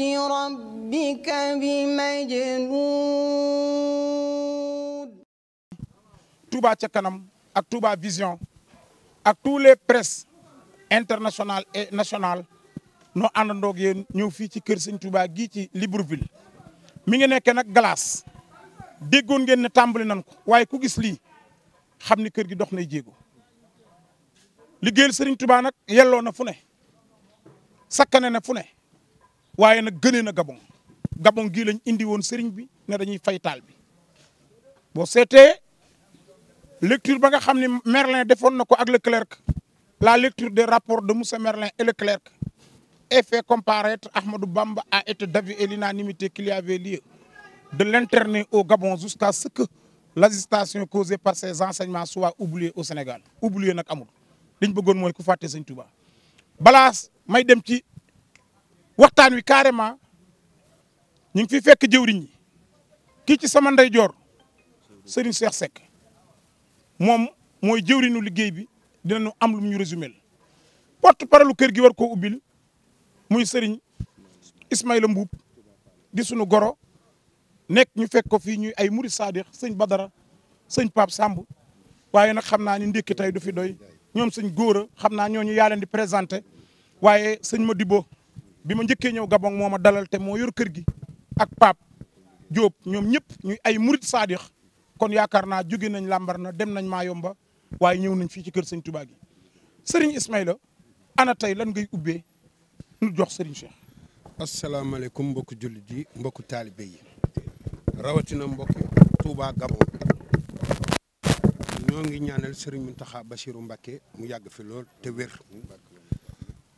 ربك بمجنون Touba ca kanam ak Touba Vision ak tous les presses internationales et nationales noo àndandoog yéen ñëw fii ci kër sëñ Touba gii ci Libreville mi ngi nekk nag glace déggoon ngeen ne tàmbali nan ko waaye ku gis lii xam ni kër gi dox nay jéego liggéeyal sëriñ Touba nag yelloo na fu ne sakkane na fu ne waaye nag gënee na Gabon Gabon gii lañ indi woon seriñ bi ne dañuy fay taal bi boo seetee lecture ba nga xam ne Merlin defoon na ko ak Leclerc la lecture des rapports de Moussa Merlin et Leclerc et fait comparaître Ahmadou Bamba a été d'avis et l'unanimité qu'il y avait lieu de l'interner au Gabon jusqu'à ce que l'agitation causée par ces enseignements soit oubliée au Sénégal oubliée nag amul liñ bëggoon mooy ku fàtte Sëñ Touba balaa may dem ci waxtaan wi carrément ñu ngi fi fekk jëwriñ yi kii ci sama ndeyjoor Serigne Cheikh Seck moom mooy jëwriñu liggéey bi dinañu am lu ñu résumé la porte parole kër gi war koo ubbil muy sëriñ Ismaïla mbub di sunu goro nekk ñu fekk ko fii ñuy ay murid Saadix sëñ Badara sëñ Pape sambu waaye na xam naa ni ndékki tey du fi doy ñoom sëñ góor a xam naa ñooñu yaa leen di présenté waaye sëñ ma dibo bi ma njëkkee ñëw Gabon moo ma dalal te moo yor kër gi ak Pape Diop ñoom ñëpp ñuy ay murit saadix kon yaakaar naa jóge nañ làmbar na dem nañ maa yomba waaye ñëw nañ fii ci kër sëñ tubaa gi Serigne Ismaïla ana tey lan ngay ubbee nu jox Serigne Cheikh. asalaamaaleykum mbokku jullit yi mbokku taalibe yi rawatina mbokku Touba Gabon ñoo ngi ñaanal Serigne Mountakha Bassirou mu yàgg fi lool te wér.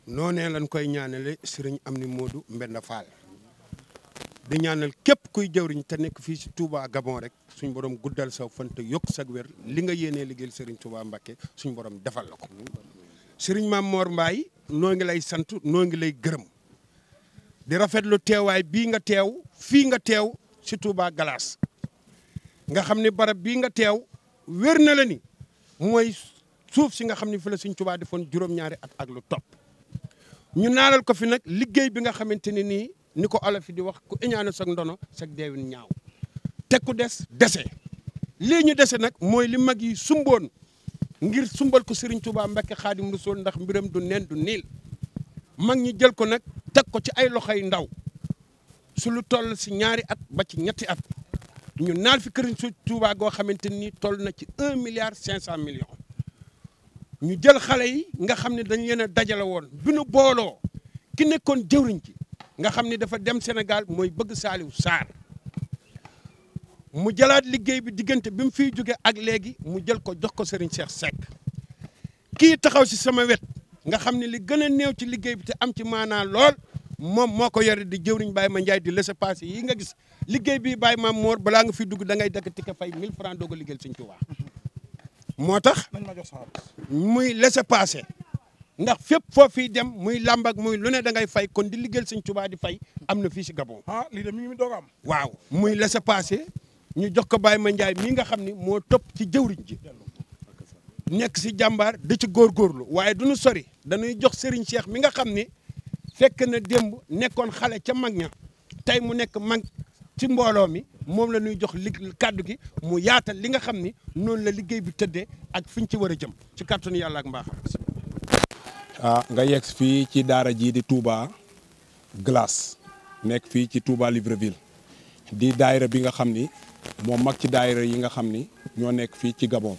noonee lañ koy ñaanale sëriñ am Amdi Modou mbenn Fall di ñaanal képp kuy jëwriñ te nekk fii si Touba Gabon rek suñ borom guddal sa fan te yokk sag wér li nga yéenee liggéeyal sëriñ Touba Mbacké suñ borom defal la ko sëriñ Maam moor mbaay noo ngi lay sant noo ngi lay gërëm di rafetlu teewaay bii nga teew fii nga teew si Touba Galaas nga xam ne barab bii nga teew wér na la ni mooy suuf si nga xam ne fi la suñ Touba defoon juróom-ñaari at ak lu topp ñu naanal ko fi nag liggéey bi nga xamante ne nii ni ko olof di wax ku iñaane sag ndono sag deewin ñaaw teg ku des dese lii ñu dese nag mooy li mag yi sumboon ngir sumbal ko Serigne Touba Mbacke Xaadim Rasul ndax mbiram du nen du niil mag ñi jël ko nag teg ko ci ay loxoy ndaw su lu toll si ñaari at ba ci ñetti at ñu naan fi këriñ su Touba goo xamante ni toll na ci un milliard cinq cent millions ñu jël xale yi nga xam ne dañ leen a dajale woon bi nu booloo ki nekkoon jëwriñ ci nga xam ne dafa dem senegal mooy bëgg Saliou Sarr mu jëlaat liggéey bi diggante bi mu fiy jóge ak léegi mu jël ko jox ko Serigne Cheikh Seck kii taxaw si sama wet nga xam ne li gën a néew ci liggéey bi te am ci maanaa lool moom moo ko yore di jëwriñ Baye ma Ndiaye di laissez-passer yi nga gis liggéey bi Baye ma Mor balaa nga fiy dugg da ngay dëkk ticket fay 1000 francs doo ko liggéeyal Serigne Touba moo tax muy laisser passer ndax fépp foo fiy dem muy làmb ak muy lu ne da ngay fay kon di liggéeyal Sëñ Tuubaa di fay am na fii si Gabon. ah lii de mi ngi doog am. waaw muy laisser passer ñu jox ko Baye Mandiaye mii nga xam ni moo topp ci jëwriñ ji nekk si jàmbaar di ci góor góorgóorlu waaye du ñu sori dañuy jox Serigne Cheikh mi nga xam ni fekk na démb nekkoon xale ca mag ña tey mu nekk mag ci mbooloo mi moom la ñuy jox li kàddu gi mu yaatal li nga xam ni noonu la liggéey bi tëddee ak fi ñu ci war a jëm ci kàttanu yàlla ak mbaaxam. ah nga yegg fii ci daara jii di Touba Glace nekk fii ci Touba Libreville di daayira bi nga xam ni moo mag ci daayira yi nga xam ni ñoo nekk fii ci Gabon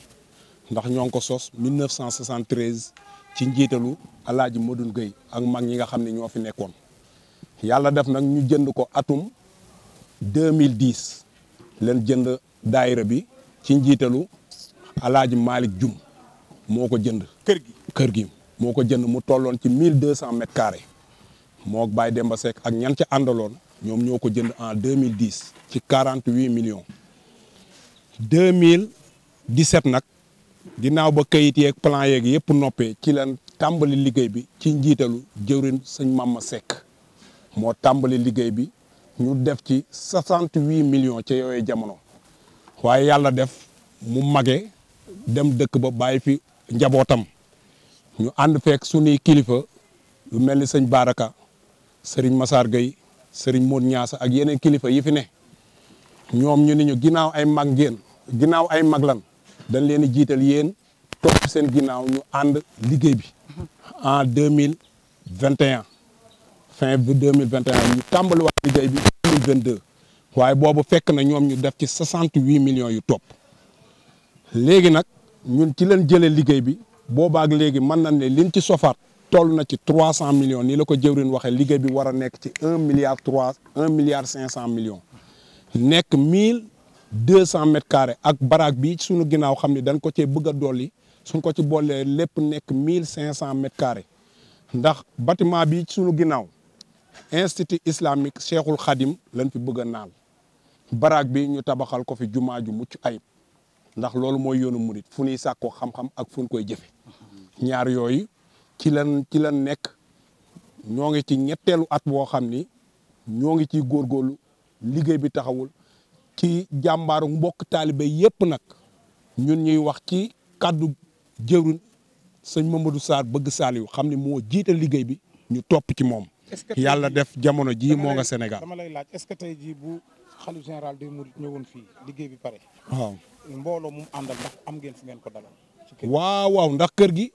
ndax ñoo ngi ko sos 1973 ci njiitalu Alaaji Modou géey ak mag ñi nga xam ni ñoo fi nekkoon yàlla def nag ñu jënd ko atum. 2010 leen jënd daayira bi ci njiitalu alaaji Malick Dioum moo ko jënd kër gi moo ko jënd mu tolloon ci 1200 mètres carrés moo dem ba Seck ak ñan ci àndaloon ñoom ñoo ko jënd en 2010 ci 48 millions 2017 nag ginnaaw ba kayit yeeg plan yeeg yëpp noppee ci lan tàmbali liggéey bi ci njiitalu jëwrin sëñ ma Seck moo tàmbali liggéey bi ñu def ci soixante huit million ca yooyu jamono waaye yàlla def mu mage dem dëkk ba bàyyi fi njabootam ñu ànd fekk suñuy kilifa lu mel ni sëñ Baraka sëriñ Massar Gueye sëriñ Modou Niassa ak yeneen kilifa yi fi ne ñoom ñu ni ñu ginnaaw ay mag ngeen ginnaaw ay mag lan dañ leen jiital yéen topp seen ginnaaw ñu ànd liggéey bi en deux mille fin bi deux mille vingt et un ñu tàmbaliwaat liggéey bi waaye boobu fekk na ñoom ñu def ci soixante huit millions yu topp léegi nag ñun ci leen jëlee liggéey bi boobaak léegi mën nañ ne liñ ci sofaat toll na ci trois cent millions nii la ko jëwrin waxee liggéey bi war a nekk ci un milliard trois un milliard cinq cent millions nekk mille deux cent mètres carrés ak baraag bi suñu ginnaaw xam ne dañ ko cee bëgg a dolli suñ ko ci boolee lépp nekk mille cinq cent mètres carrés ndax bâtiment bi suñu ginnaaw institut islamique cheikhul xadim lañ fi bëgg a naal baraag bi ñu tabaxal ko fi jumaa ju mucc ayib ndax loolu mooy yoonu murit fu ñuy sàkkoo xam-xam ak fu koy jëfe ñaar yooyu ci lan ci lan nekk ñoo ngi ci ñetteelu at woo xam ni ñoo ngi ciy góorlu liggéey bi taxawul ci jàmbaaru mbokk taalibe yépp nag ñun ñuy wax ci kàddu jëwriñ sëñ Mamadou saal bëgg Saliou xam ne moo jiite liggéey bi ñu topp ci moom yàlla def jamono jii moo nga Sénégal. dama laaj est-ce que tey bu xalif général des Mourides ñëwoon fii liggéey bi pare. waaw mbooloo mu àndal ndax am ngeen fu ngeen ko dalal. waaw waaw ndax kër gi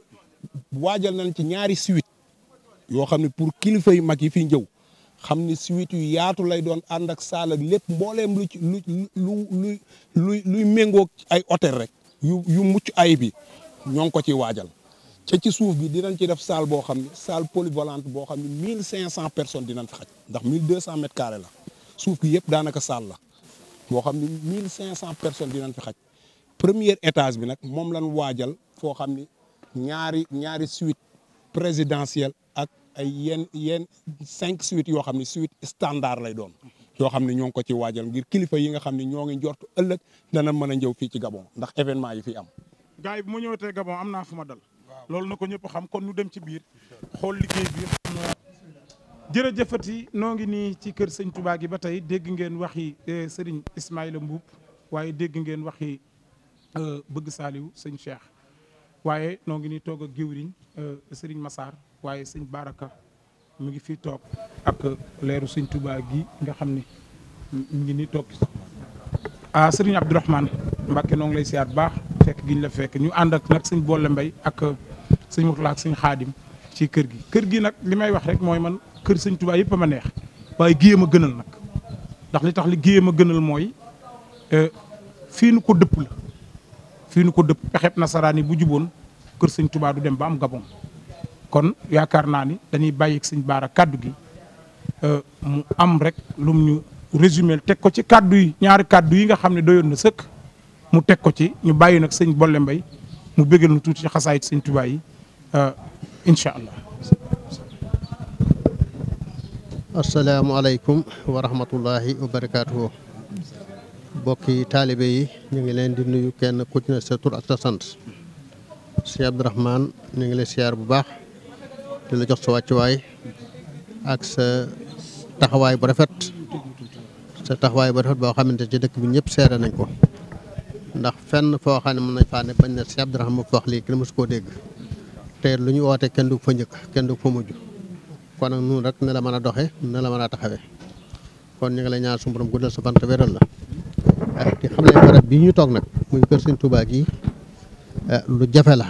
waajal nañ ci ñaari suite yoo xam ne pour kilifa yu mag yi fi ñëw xam ni suite yu yaatu lay doon ànd ak saal ak lépp mbooleem lu ci lu lu luy méngoo ay hôtel rek yu yu mucc ay bi ñoo ngi ko ciy waajal. ca ci suuf bi dinañ ci def salle boo xam ne salle polyvalente boo xam ne mille cinq cent personnes dinañ fi xaj ndax mille deux cent mètres la suuf gi yëpp daanaka salle la boo xam ne mille cinq cent personnes dinañ fi xaj première étage bi nag moom lañ waajal foo xam ni ñaari ñaari suite présidentielle ak ay yenn yenn cinq suites yoo xam ne suite standard lay doon yoo xam ne ñoo ngi ko ci waajal ngir kilifa yi nga xam ne ñoo ngi njort ëllëg dana mën a ñëw fii ci Gabon ndax événement yi fi am. gars yi bu Gabon am naa fu dal. loolu na ko ñëpp xam kon ñu dem ci biir xool liggéey bi xam na jërëjëfati noo ngi nii ci kër sëñ tubaa gi ba tey dégg ngeen waxi eh, sëriñ Ismaïla Mbuub waaye dégg ngeen waxi eh, bëgg saaliw sëñ Cheikh waaye noo ngi nii toog ak giwriñ eh, sëriñ masaar waaye sëñ Baraka mu ngi fi toog ak leeru sëñ Touba gi nga xam ni mu ngi nii toog ah sëriñ Abdourahmane mbake noo ngi lay siyaat baax fekk giñ la fekk ñu ànd ak nag sëñ Boole Mbay ak sëñ Murtala ak sëñ xaadim ci kër gi kër gi nag li may wax rek mooy man kër sëñ Tuubaa yëpp a ma neex waaye géyam a gënal nag ndax li tax li géyam a gënal mooy e, fii nu ko dëpp la fii ko dëpp pexeb nasaraan yi bu juboon kër sëñ Tuubaa du dem ba am gabon kon yaakaar naa ni dañuy bàyyi sëñ baara kàddu gi e, mu am rek lum ñu résumé teg ko ci kàddu yi ñaari kàddu yi nga xam ne doyoon na sëkk mu teg ko ci ñu bàyyi nag sëñ Bolle Mbay mu bëggal nu tuuti ci xasaayit sëñ yi incha allah. asalaamualeykum wa rahmatullahi wa barakaatuhu. mbokki taalibe yi ñu ngi leen di nuyu kenn ku ci ne sa tur ak sa sant. sëñ Abdourahmane ñu ngi lay siyaar bu baax di la jox sa wàccuwaay ak sa taxawaay bu rafet sa taxawaay bu rafet boo xamante ci dëkk bi ñëpp seere nañ ko ndax fenn foo xam ne mën nañ faa ne bañ na sëñ Abdourahmane mu wax lii kenn mësu koo dégg. te lu ñu woote kenn du fa njëkk kenn du fa mujj kon nag nun rek ne la mën a doxe ne man a taxawee kon ñu ngi lay ñaan suñu borom guddal sa fan eh, te la ak di ñu toog nag muy kër Sëñ Tuubaa eh, lu jafe la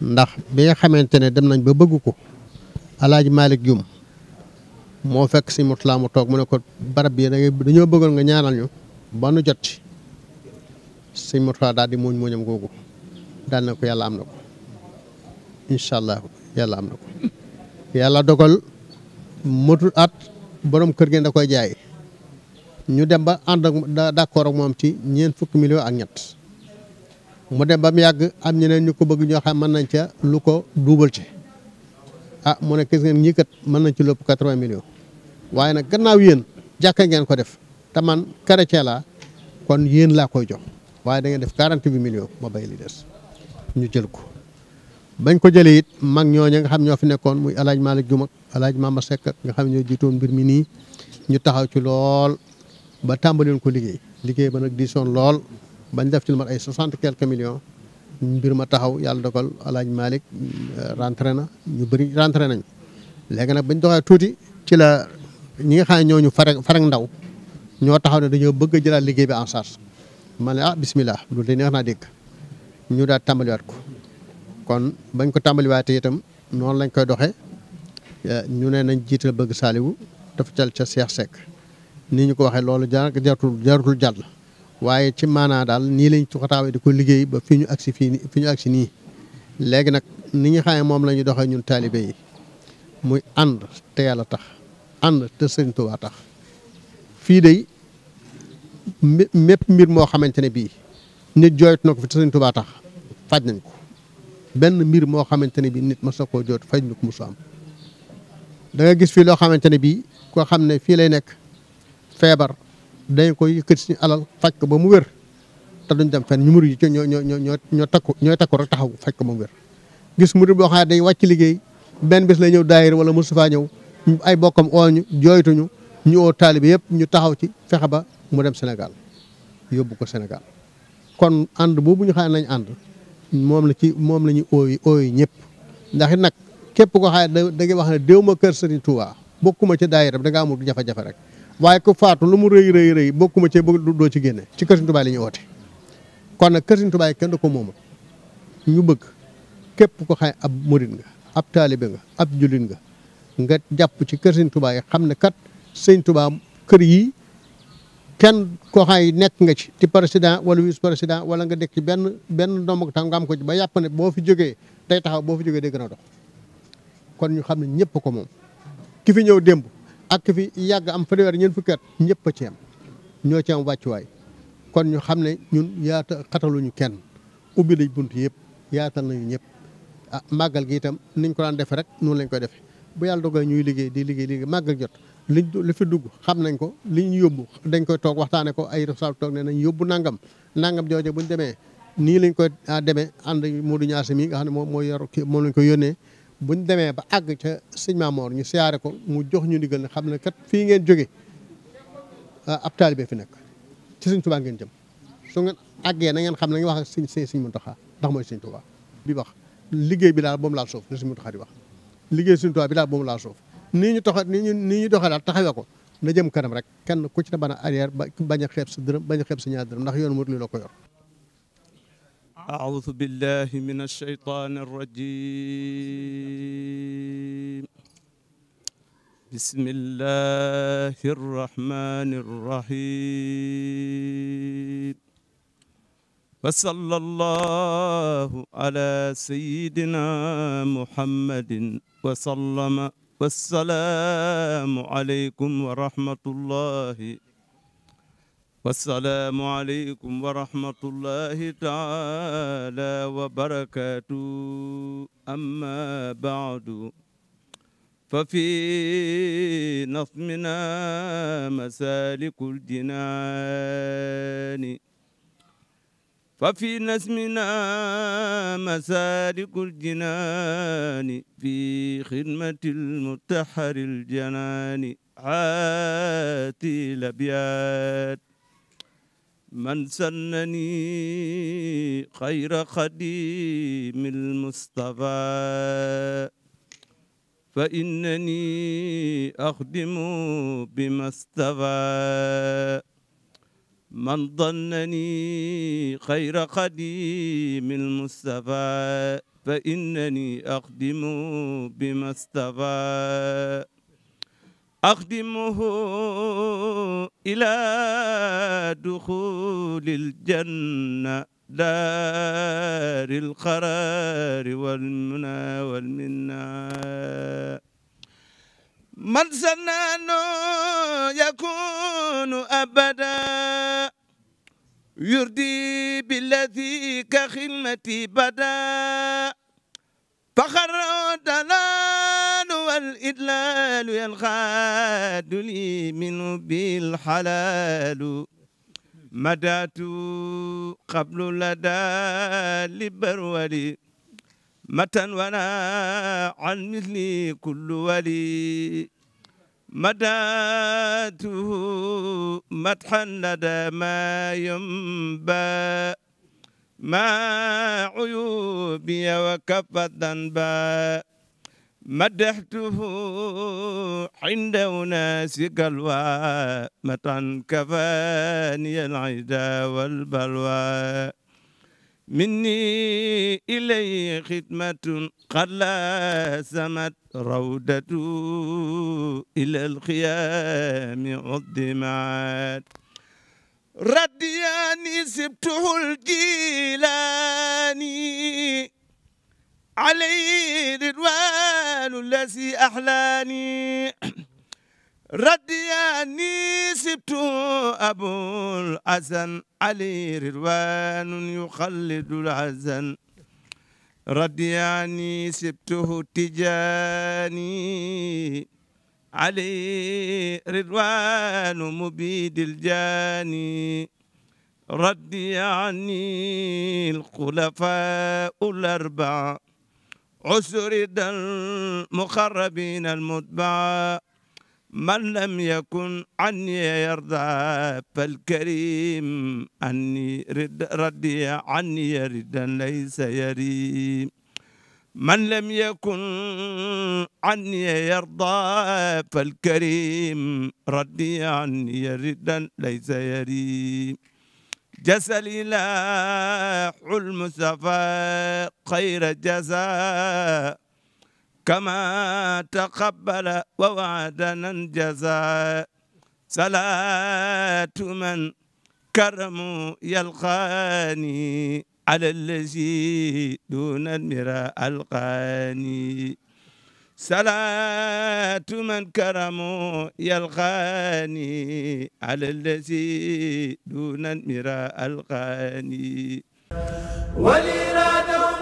ndax bi nga xamante ne dem nañ ba bëgg ko alaaji Malick Dioum moo fekk si Mourtala mu toog mu ne ko barab bi dañoo bëggoon nga ñaanal ñu ba nu jot ci sëñ Mourtala daal di muuñ muuñam googu daal na ko yàlla am na ko incha allah yàlla am na ko yàlla dogal motul at borom kër gi da koy jaay ñu dem ba ànd ak d'accord ak moom ci ñeent fukki millions ak ñett mu dem ba mu yàgg am ñeneen ñu ko bëgg ñoo xam mën nañ ca lu ko duubal ci ah mu ne gis ngeen ñii kat mën nañ ci lépp quatre-vingts millions waaye nag gannaaw yéen jàkka ngeen ko def te man chrétien laa kon yéen laa koy jox waaye da ngeen def quarante-huit millions ma des ñu jël ko. bañ ko jëlee it mag ñooñu nga xam ñoo fi nekkoon muy alaaj Malick Dioum ak alaaj Mama Seck nga xam ñoo jiitoon mbir mi nii ñu taxaw ci lool ba tàmbaliwoon ko liggéey liggéey ba nag diisoon lool bañ def ci lu mat ay soixante quelques millions mbir ma taxaw yàlla dogal alaaj Malick euh, rentré na ñu bëri rentré nañu. léegi nag bañ doxee tuuti ci la ñi nga xam ne ñooñu fare farek ndaw ñoo taxaw ne dañoo bëgg a jëlaat liggéey bi en charge ma ne ah bismillah loolu de neex naa dégg ñu daal tàmbaliwaat ko. kon bañ ko tàmbaliwaatee itam noonu lañ koy doxe eh, ñu ne nañ jiital bëgg saaliwu dafa cal ca Seex Sekk ni ñu ko waxee loolu jaar jarutul jarutul jàll waaye ci maanaa daal nii lañ cuxataawee di ko liggéey ba fi ñu agsi fii fi ñu agsi nii léegi nag ni ñu xamee moom lañuy ñu doxee ñun taalibe yi muy ànd te yàlla tax ànd te Sëriñ Tuubaa tax fii de mépp mbir moo xamante ne bii nit jooytu na ko fi te Sëriñ Tuubaa tax faj nañ ko benn mbir moo xamante ne bii nit ma soo koo jot faj ñu ko musu am da gis fii loo xamante ne bii koo xam ne fii lay nekk feebar dañ koy yëkkati suñu alal faj ko ba mu wér te duñ dem fenn ñu murid yi ñoo ñoo ñoo ñoo takku ñooy takku rek taxaw faj ko ba mu wér. gis murid boo xam ne day wàcc liggéey benn bés lay ñëw daayira wala Moustapha ñëw ay bokkam ooñu jooytuñu ñu oo taalibe yëpp ñu taxaw ci fexe ba mu dem Sénégal yóbbu ko Sénégal kon ànd boobu ñu xam nañ ànd. moom la ci moom la ñu ooyi ñëpp ndax it nag képp ko xaye da ngay wax ne déw ma kër Serigne Touba bokkuma ci daayira da nga amul jafe-jafe rek waaye ku faatu lu mu rëy rëy rëy bokkuma ci doo ci génne ci kër Serigne Touba la ñuy oote kon nag kër Serigne Touba yi ko moomul ñu bëgg képp ko xaye ab murit nga ab nga ab jullit nga nga jàpp ci kër Serigne Touba xam ne kat Serigne kër yi kenn koo xam nekk nga ci di président wala vice président wala nga nekk ci benn benn ndomb tam nga am ko ci ba yàpp ne boo fi jógee day taxaw boo fi jógee de gën a dox kon ñu xam ne ñëpp ko moom ki fi ñëw démb ak fi yàgg am fanweer ñeent fukki ñëpp a ñoo ci am wàccuwaay kon ñu xam ne ñun yaata xataluñu kenn ubbi lañ bunt yëpp yaatal nañu ñëpp ah màggal gi itam niñ ko daan defee rek noonu lañ koy defee bu yàlla dogal ñuy liggéey di liggéey liggéey màggal jot liñ li fi dugg xam nañ ko li ñu yóbbu dañ koy toog waxtaanee ko ay responsable toog ne nañ yóbbu nangam nangam jooje buñ demee nii lañ koy ah, demee ànd Modou Niasse mi nga xam ne moom mooy yor kii moom lañ koy yónnee buñ demee ba àgg ca sëñ Maamoor ñu siyaare ko mu jox ñu ndigal ne xam ne kat fii ngeen jóge ah, ab taalibe fi nekk ci sëñ Tuubaa ngeen jëm su ngeen àggee na ngeen xam ne ngeen wax ak sëñ sëñ Muntaxa ndax mooy sëñ Tuubaa bi wax liggéey bi daal boobu laal suuf li sëñ Muntaxa di wax liggéey sëñ Tuubaa bi daal boobu laal suuf nii ñu toxa nii ñu nii ñu doxee daal ko jëm kanam rek kenn ku ci bana arrière bañ a xeeb sa dërëm bañ a xeeb sa ñaar dërëm ndax yoonu murit li la ko yor wassalaamu aleykum wa rahmatullahi wassalaamu aleykum wa rahmatullahi taala wa barakaatu amma baadu fa fi nasmina masaliku ljinaani ففي نسمنا مسالك الجنان في خدمة المتحر الجنان عاتي الأبيات من سنني خير خديم المصطفى فإنني أخدم بما استفى من ظنني خير خديم المصطفى فإنني أخدم بما استفى أخدمه إلى دخول الجنة دار القرار والمنى والمنى من سنان يكون أبدا يردي بالذي كخدمتي بدا فخر الدلال والإدلال ينخاد لي منه بالحلال مدات قبل لدى لبرولي متى ولا عن مثلي كل ولي مداته مدحا لدى ما ينبى ما عيوبي وكف الذنب مدحته عند أناس قلوى متى كفاني العدا والبلوى مني إليه خدمة قد لازمت روضة إلى الخيام عظمت ردياني سبته الجيلاني عليه رضوان الذي أحلاني ردياني سبت أبو الحسن علي رضوان يخلد الحزن ردياني سبته تجاني علي رضوان مبيد الجاني ردياني الخلفاء الأربعة عسر المخربين المتبعة man lam yakun anni yarda fal karim anni radiya anni yaridan laysa yarim man lam yakun anni yarda fal karim radiya anni yaridan laysa yarim jasal ila hul mustafa khayra jaza كما تقبل ووعدنا الجزاء صلاة من كرم يلقاني على الذي دون المراء ألقاني صلاة من كرم يلقاني على الذي دون المراء ألقاني وليرادهم